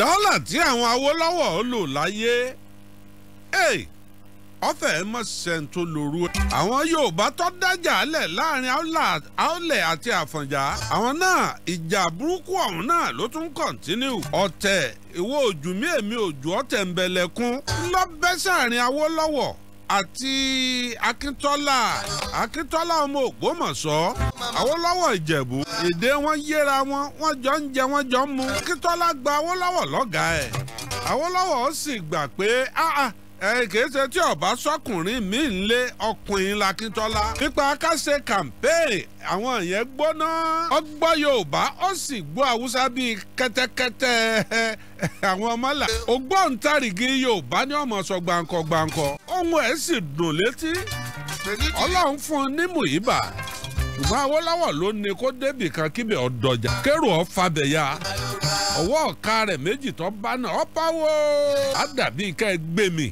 dọ́là tí àwọn Awólọ́wọ̀ lò láyé ọ̀fẹ́ mọ̀ sẹ́ńtò lóru. àwọn Yorùbá tó dájà lẹ̀ láàrin Aolẹ̀ àti Àfọ̀njá àwọn náà ìjà burúkú ọ̀hún náà ló tún kọ̀ntínú. ọ̀tẹ̀ ìwọ ojú mi èmi ojú ọ̀tẹ̀ ń bẹ̀lẹ̀kún lọ́bẹ̀sàárín Awólọ́wọ̀ àti akintola, akintola ọmọ Ògbómọ̀ṣọ́ Awólọ́wọ̀ Ìjẹ̀bú èdè wọn yéra wọn wọ́n jọ ń jẹ wọ́n jọ ń mu Akíntọ́lá gba Awólọ́wọ̀ lọ́gàá ẹ̀ Awólọ́wọ̀ ó sì gbà pé áà ẹ kìí ṣe tí ọba sọkùnrin mi ń lé ọkùnrin lakíntọ́lá nípa kásẹ̀ kàmpéè àwọn yẹn gbóná ọgbọ́ yorùbá ó sì gbọ́ haúsá bíi kẹ́tẹ́kẹ́tẹ́ àwọn ọmọlà ògbóǹtarìgì yorùbá ní ọmọ sọ gbàǹkọ̀gbàǹkọ̀ ohun ẹ̀ sì dùn létí ọlọ́run fún un ní mùyíbà ṣùgbọ́n Awólọ́wọ̀ ló ní kó débì kan kíbẹ̀ ọ̀dọ̀jà kérò ọ̀ fabẹ̀ ya ọwọ́ ọ̀ka rẹ̀ méjì tó bá náà ọ̀ ká ẹ gbé mi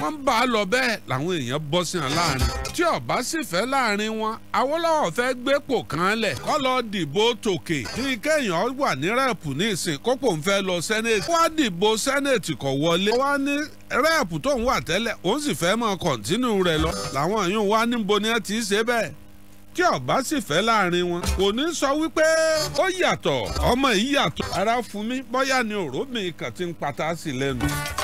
wọ́n bá a lọ bẹ́ẹ̀ làwọn èèyàn bọ́ sí wọn láàrin tí ọba sì fẹ́ láàrin wọn Awólọ́wọ̀ fẹ́ gbépò kan lẹ̀ kọ́ lọ dìbò tòkè bí kéèyàn wà ní rẹ́ẹ̀pù ní ìsìn kópò ń fẹ́ lọ sẹ́nẹ̀tì wọ́n á dìbò sẹ́nẹ̀tì kọ̀ wọlé wọ́n á ní rẹ́ẹ̀pù tóun wà tẹ́lẹ̀ òun sì fẹ́ máa kọ̀ǹtínú rẹ̀ lọ làwọn yòó wá níbo ni ẹ ti ṣe bẹ́ẹ̀ tí ọba sì fẹ́ láàrin wọn kò ní sọ wípé ó yàtọ̀ ọmọ yìí yàtọ̀ ara fún mi bóyá ni òró mi kàn ti ń pata sí lẹ́nu.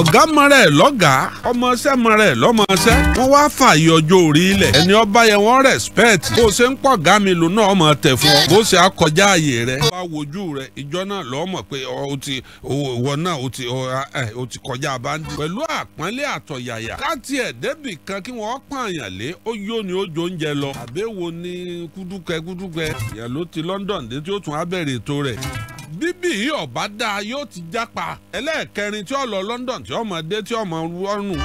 ọ̀gá mọ̀rẹ́ ẹ̀ lọ́gàá ọmọọṣẹ́ mọ̀rẹ́ ẹ̀ lọ́mọọṣẹ́ wọ́n wá fààyè ọjọ́ orí ilẹ̀ ẹni ọba yẹn wọ́n rẹ̀spẹ̀tì bó ṣe ń pọ̀ gá mi lò náà ọmọ tẹ̀ fún ọ bó ṣe akọjá ààyè rẹ bá wojú rẹ ìjọ náà lọ́mọ̀ pé o ti ìwọ náà o ti kọjá abáńdì pẹ̀lú àpọ́nlé àtọ̀yàyà káàtì ẹ̀ débì kan kí wọ́n pààyàn lé ó yó ni ó jó oúnjẹ lọ àbẹ̀wò ni kúdúkẹ́ kúdúkẹ́ ó tún bíbí ọ̀bá dáa yóò ti jápa ẹlẹ́ẹ̀kẹrin tí ó lọ London tí ọmọ dé tí ọmọ rọrùn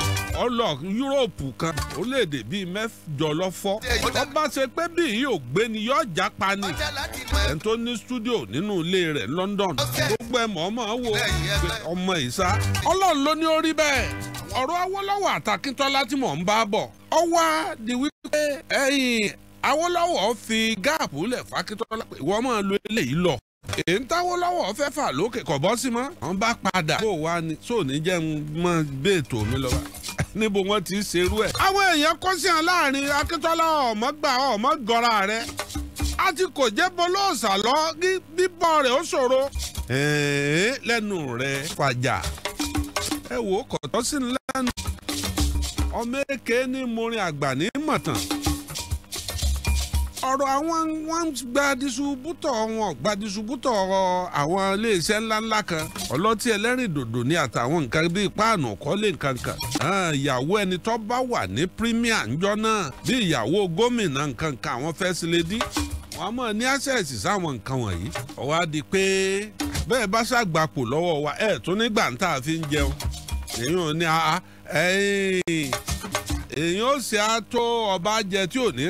ó lọ Yúróòpù kan orílẹ̀-èdè bíi mẹ́jọ lọ́fọ́ ó bá ṣe pé bí yìí ni yóò jápa ni ẹni tó ní studio nínú ilé rẹ̀ London gbogbo ẹ̀ mọ̀ ọmọ wo ọmọ ìsá Ọlọ́run ló ní ó rí bẹ́ẹ̀ ọ̀rọ̀ Awólọ́wọ̀ àtàkíntọ́lá tí mò ń bá bọ̀ ọ wá di wípé ẹ̀yìn Awólọ́wọ̀ fi gáàpù lẹ̀ f'Akíntọ́lá pé ìwọ máa lo eléyìí lọ èyí ń táwó lọ́wọ́ fẹ́ fà lókè kọ̀ bọ́ sí mọ́ wọ́n bá padà kó wa ni tó ní jẹ́ ń mọ bẹ́ẹ̀tò mi lọ níbo wọ́n ti ṣerú ẹ̀. àwọn èèyàn kò sí hàn láàrin Akíntọ́lá ọmọ gbà ọmọ gọra rẹ a ti kò jẹ́ bọ́lọ́ọ̀sà lọ bíbọ̀ rẹ̀ ó ṣòro. lẹ́nu rẹ̀ fàjà ẹ wò ó kọ̀tọ́ sí ńlá ọmọ èké ní morin àgbà ní mọ̀tàn ọ̀rọ̀ àwọn wọ́n gba disubútọ̀ wọn gba disubútọ̀ àwọn iléeṣẹ́ ńláńlá kan ọlọ́tí ẹlẹ́rìndòdò ní àtàwọn nǹkan bíi páànù kọ́lé nǹkankan ìyàwó ẹni tó bá wà ní premier ńjọ́ náà bí ìyàwó gómìnà nǹkankan àwọn first lady wọn a máa ní access sáwọn nǹkan wọ̀nyí ó wá di pé bẹ́ẹ̀ bá ṣàgbàpò lọ́wọ́ wa ẹ̀ tún nígbà tá a fi ń jẹun èyí ò ní a ah, ah, èyí ó sì á tó ọba jẹ tí ò ní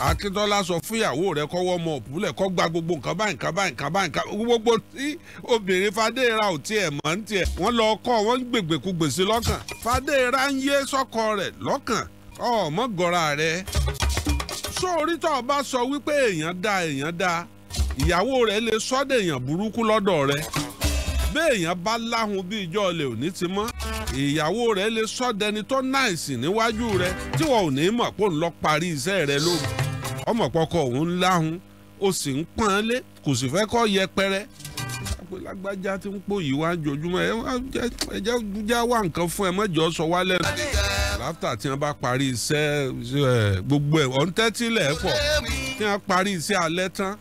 akíntọ́lá sọ fún ìyàwó rẹ̀ kọ́wọ́ ọmọ òpùlẹ̀ kọ́ gba gbogbo nǹkan báyìí nǹkan báyìí nǹkan báyìí nǹkan gbogbo tí obìnrin fadéra ò tiẹ̀ mọ̀ ń tiẹ̀ wọ́n lọ kọ́ wọ́n gbègbè ku gbèsè lọ́kàn fadéra ń yé sọ́kọ rẹ̀ lọ́kàn ọmọ gọ́ra rẹ̀ sọ orí bá sọ wípé èèyàn da èèyàn da ìyàwó rẹ̀ lè sọ́dọ̀ èèyàn burúkú lọ́dọ̀ rẹ̀ béèyàn bá láhùn bí ìjọ olè òní ti mọ́ ìyàwó rẹ̀ lè sọ́dẹni tó náìsì níwájú rẹ̀ tí wọn ò ní mọ̀ pò ń lọ parí iṣẹ́ rẹ̀ lóru ọmọ pọkọ òun láhùn ó sì ń pọ́n án lé kò sì fẹ́ kọ́ yẹpẹrẹ lágbájá tí ń pò yìí wá jojúmọ́ ẹ jẹ́ já wá nǹkan fún ẹ mọ́jọ́ sọ wá lẹ́nu. láfta tí wọ́n bá parí iṣẹ́ gbogbo ẹ̀ ọ̀n tẹ́tí lẹ̀ pọ̀ tí wọ́n parí iṣẹ́ alẹ́ tán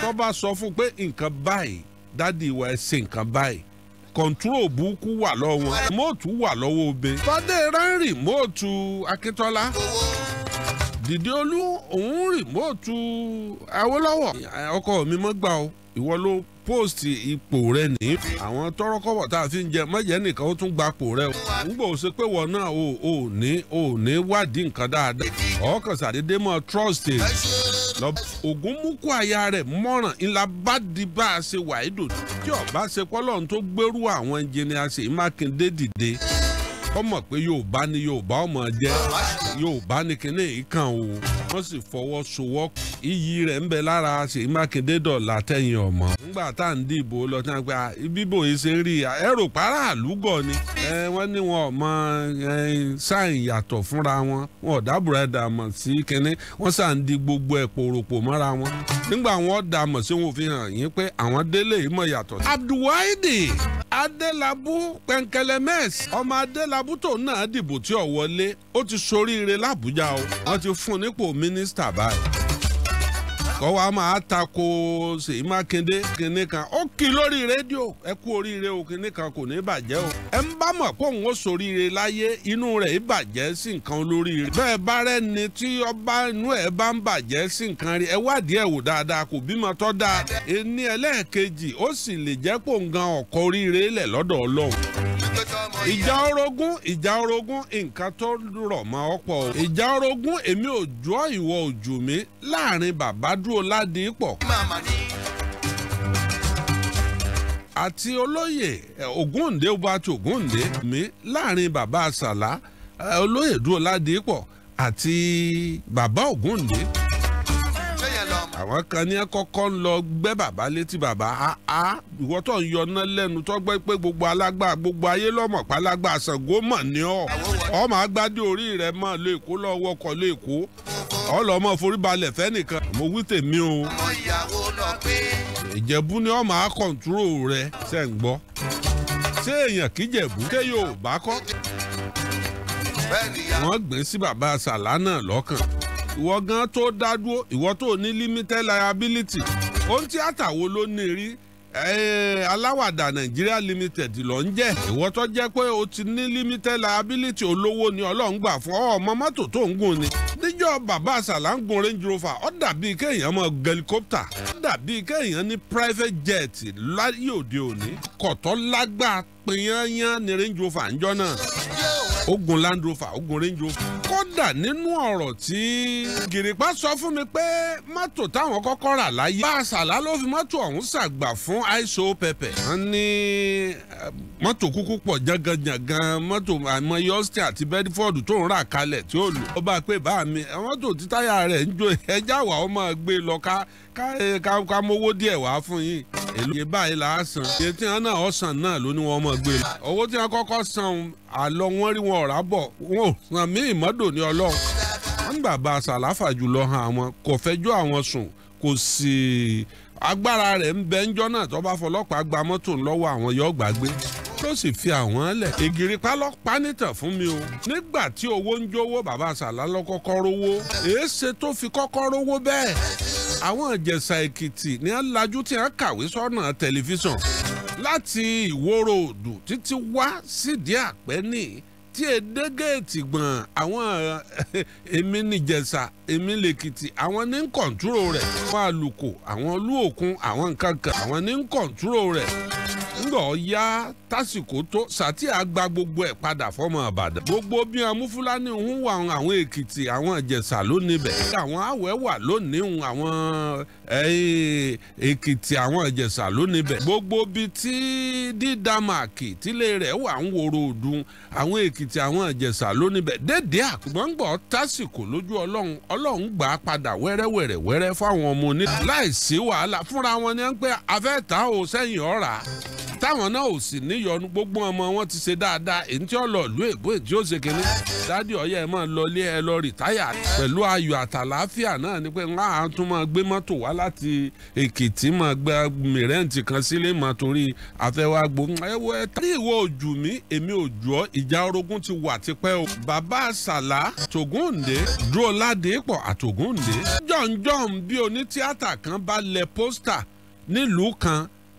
tó bá sọ fún pé nǹkan báyìí dádì ìwà ẹ̀ ṣe nǹkan báyìí kọ̀ǹtúrò búkú wà lọ́wọ́ wọn. wà lọ́wọ́ obe. fadé rẹ́rìn mọ́ọ̀tù akíntọ́lá. owó Dìdeolú òun rìmọ́ọ̀tù Awólọ́wọ̀ ọkọ mi mọ́ gbà o ìwọ ló post ipò rẹ ní. àwọn tọrọkọbọ tá a fi ń jẹ mọjẹ nìkan ó tún gba ipò rẹ o. nígbà ó ṣe pé wọn náà o ò ní o ò ní wádìí nǹkan dáadáa. ọkàn sàdédé mọ trust it. E. ògùn mú kó aya rẹ̀ mọ́ràn ńlá bá di bá a ṣe wàá dòdò. tí ọba ṣe pọ́lọ́run tó gbérú àwọn ẹnjìnìà ṣèyí Mákindé dìde kọ́mọ̀ pé Yorùbá ni Yorùbá ọmọ jẹ́ Yorùbá ni kíní ìkàn o wọ́n sì fọwọ́sowọ́pọ̀ iyì rẹ̀ ń bẹ lára Ṣèyí Mákindé dọ̀là tẹ̀yìn ọmọ. nígbà tá à ń dìbò lọ tí wọ́n gba bíbò yìí ṣe rí ẹ̀rọ paráàlú gọ̀ ni. wọ́n ní wọn ò mọ sáìn yàtọ̀ fúnra wọn wọn ò dábùrẹ̀ dàmọ̀ sí kínní wọ́n sà di gbogbo ẹ̀ pòròpò mọ́ra wọn. nígbà wọn dàmọ̀ sí wọn ò hàn yín pé àwọn délé yìí mọ̀ yàtọ̀ sí. Abdulwahidi adélábù pẹ̀ǹkẹlẹ́mẹ́s ọmọ adélábù tó náà dìbò tí ò wọlé ó ti soríire lábújá o wọ́n ti fún nípò mínísítà báyìí. kọ́ wa máa tako Ṣèyí Mákindé kinní kan ó kì lórí rédíò ẹ kú oríire o kinní kan kò ní bàjẹ́ o. ẹ ń bá mọ̀ pé òun ó ṣoríire láyé inú rẹ̀ ìbàjẹ́ sí nǹkan olóríire. bẹ́ẹ̀ bá rẹ̀ ni tí ọba inú ẹ̀ bá ń bàjẹ́ sí nǹkan rí ẹ wádìí ẹ̀ wò dáadáa kò bímọ tọ́ dáa. ẹni ẹlẹ́ẹ̀kejì ó sì lè jẹ́ pòǹgan ọ̀kọ́ oríire lẹ̀ lọ́dọ̀ Ọlọ́run. ìjà orogún ìjà orogún nǹkan tó rọ̀ mọ́ ọ̀pọ̀ o ìjà orogún èmi ò jọ ìwọ òjò mi láàrin bàbá dúró ládìí pọ̀ àti olóyè Ògúndé Obatu Ògúndé mi láàrin bàbá àsàlá olóyè dúró ládìí pọ̀ àti bàbá Ògúndé àwọn kan ní kọ́kọ́ ń lọ gbẹ́ bàbá létí bàbá àá ìwọ tó ń yọná lẹ́nu tó gbẹ́ pé gbogbo alágbà gbogbo ayé lọ́mọ̀ pálágbà Ṣàngó mọ̀ ní ọ́ ọmọ agbádé orí rẹ̀ mọ̀ lọ Èkó lọ wọkọ̀ lọ Èkó ọlọmọ foríbalẹ̀ fẹ́nìkan mo wí tèmi o Ìjẹ̀bú ni ọmọ akọ̀ǹtúrò rẹ̀ ṣẹ̀ ń gbọ́ ṣé èèyàn kíjẹ̀bú ṣé yóò bá kọ́ wọ́n gbé sí bàbá Sàlá náà lọ́kàn ìwọ gan tó dá dúró ìwọ tó ní limited liability ohun tíátà wo ló ní rí eh, aláwàdà nàìjíríà limited ló ń jẹ́ ìwọ tó jẹ́ pé o ti ní limited liability olówó ni ọlọ́run gbà fún ọmọ mọ́tò tó ń gùn ni níjọ́ bàbá àṣàlà ń gun range rover ó dàbí kéèyàn mọ helicopter ó dàbí kéèyàn ní private jet láyé òde òní kọ̀tọ́ lágbàá pinyanyan ni range rover ń jọ́ náà ó gun land rover ó gun range rover kódà nínú ọ̀rọ̀ tí gìrìpá sọ fún mi pé mọ́tò táwọn kọ́kọ́ rà láyé bá a sàlá ló fi mọ́tò ọ̀hún ṣàgbà fún àìsò pẹ̀pẹ̀. wọ́n ní mọ́tò kúkú pọ̀ jangan-jangan mọ́tò àmọ́yé austin àti bedford tó ń rà kalẹ̀ tí ó lò. ó bá a pé bá mi mọ́tò tí rẹ̀ ń jó ẹjá wà ó máa gbé lọ ká ká mówó díẹ̀ wá fún yín èlò yé báyìí là á san iye tí wọn náà ọ̀sán náà ló ní wọn mọ̀ gbé lọ. owó tí wọn kọ́kọ́ san àlọ wọn rí wọn ọ̀rá bọ̀ wọn ò san mí ìmọ́dò ní ọlọ́run. wọn gbà bá sàláfà jùlọ hàn àwọn kò fẹjọ́ àwọn sùn kò sì agbára rẹ̀ ń bẹ ńjọ́ náà tó bá fọlọ́pàá gba mọ́tò lọ́wọ́ àwọn yóò gbàgbé ló sì fi àwọn lẹ̀. ègìrìpá lọ pa fún mi o. nígbà tí owó ń jówó bàbá sàlá lọ kọ́kọ́ rówó èé ṣe tó fi kọ́kọ́ rówó bẹ́ẹ̀ àwọn Ìjẹ̀ṣà Èkìtì ni wọ́n lajú tí wọ́n kàwé sọ́nà tẹlifíṣàn láti ìwòrò òdù títí wá sídìí àpẹ́ní tí èdè géètì gbọ̀n àwọn èmi nìjẹ̀ṣà èmi lèkìtì àwọn ní kọ̀ǹtúrò rẹ̀ fún àlùkò àwọn olú òkun àwọn nǹkan kan àwọn ní kọ̀ǹtúrò rẹ̀ ńgbọ̀ ya tásìkò tó sàtì àgbà gbogbo ẹ̀ padà fọmọ àbàdàn gbogbo bí wọn mú fúlàní ń wà àwọn èkìtì àwọn ìjẹ̀ṣà lónìí bẹ̀ àwọn àwẹ̀ wà lónìí àwọn èkìtì àwọn ìjẹ̀ṣà lónìí bẹ̀ gbogbo bí tí dídàmàkì tílé rẹ̀ wà ń woro òdùn àwọn èkìtì àwọn ìjẹ̀ṣà lónìí bẹ̀ dédé àgbọ̀ngbọ̀ tásìkò lójú ọlọ́run ọlọ́run gbà á padà wẹ́rẹ́wẹ́rẹ́ wẹ́rẹ́ fáwọn ọmọ onílẹ̀ láìsí wàhálà fúnra wọn ni wọ́n táwọn náà ò sì níyọnu gbogbo ọmọ wọn ti ṣe dáadáa èyí tí ó lọ ìlú èbó èyí ó ṣe kínní dádì ọyẹ ẹ máa lọ ilé ẹ lọ rìtáyà pẹ̀lú ayọ̀ àtàláfíà náà ni pé ńlá à tún máa gbé mọ́tò wá láti èkìtì máa gba mìrẹ́ǹtì kan sílé máa torí àfẹ́wà ẹ wo ẹ tàbí ìwọ òjù mi èmi òjù ọ ìjà orogún ti wà tipẹ́ o bàbá àṣàlá tògúnde dúró ládèépọ̀ àtògúnde jọ̀ǹjọ̀ǹ bí onítíátà kan bá lẹ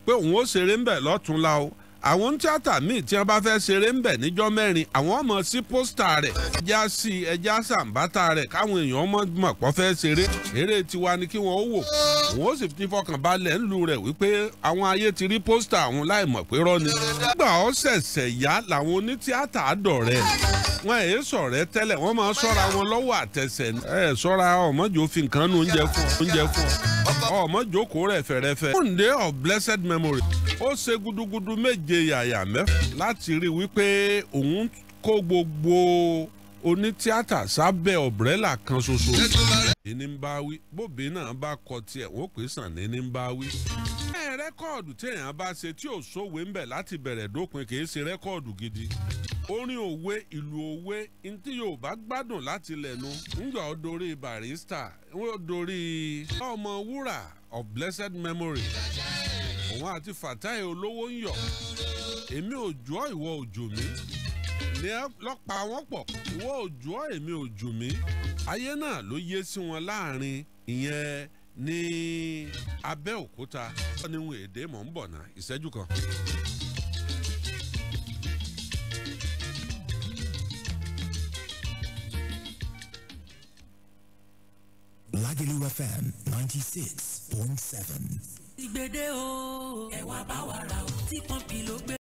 pé òun ó ṣeré ń bẹ̀ lọ́tún la o àwọn tíátà míì tí wọ́n bá fẹ́ ṣeré ń bẹ̀ níjọ́ mẹ́rin àwọn ọmọ sí pósítà rẹ̀ ẹja sí ẹja sàǹbátà rẹ̀ káwọn èèyàn ọmọ mọ̀ pọ́ fẹ́ ṣeré eré tiwa ni kí wọ́n ó wò òun ó sì fi fọkànbalẹ̀ ńlu rẹ̀ wípé àwọn ayé ti rí pósítà òun láì mọ̀ pé rọ́ ni. nígbà ó ṣẹ̀ṣẹ̀ yá làwọn onítìátà dọ̀rẹ́ wọn èé sọ̀rẹ́ tẹ́lẹ̀ wọ́n máa ṣọ́ra wọn lọ́wọ́ àtẹ̀sẹ̀ ẹ̀ ṣọ́ra ọmọdé ọmọ jókòó rẹ̀fẹ̀rẹ̀fẹ̀. Sunday of blessed memory ó ṣe gudugudu méje yàyà mẹ́fà láti rí wípé òun kó gbogbo onítíátà sábẹ́ ọ̀brẹ́là kan ṣoṣo. ẹni ń bá wí bóbi náà bá kọ tiẹ̀ wọ́n pè sàn ní ń bá wí. ẹ rẹ́kọ̀dù téèyàn bá ṣe tí ò sówe ń bẹ̀ láti bẹ̀rẹ̀ dópin kì í ṣe rẹ́kọ̀dù gidi orin òwe ìlú òwe ntí yorùbá gbádùn láti lẹ́nu ńgbà ó dorí barista ó dorí ọmọ wúrà of blessed memory òun àti fatai olówó ń yọ èmi òjò ìwọ òjò mi ní lọ́pàá wọn pọ̀ ìwọ òjò èmi òjò mi ayé náà ló yé sí wọn láàrin ìyẹn ní Abẹ́òkúta. wọ́n ní èdè mọ̀ ń bọ̀ ná ìṣẹ́jú kan. FM 96.7. ìgbèdè o ẹ̀wà bá wà rà o tí pọ́ǹpì ló gbé.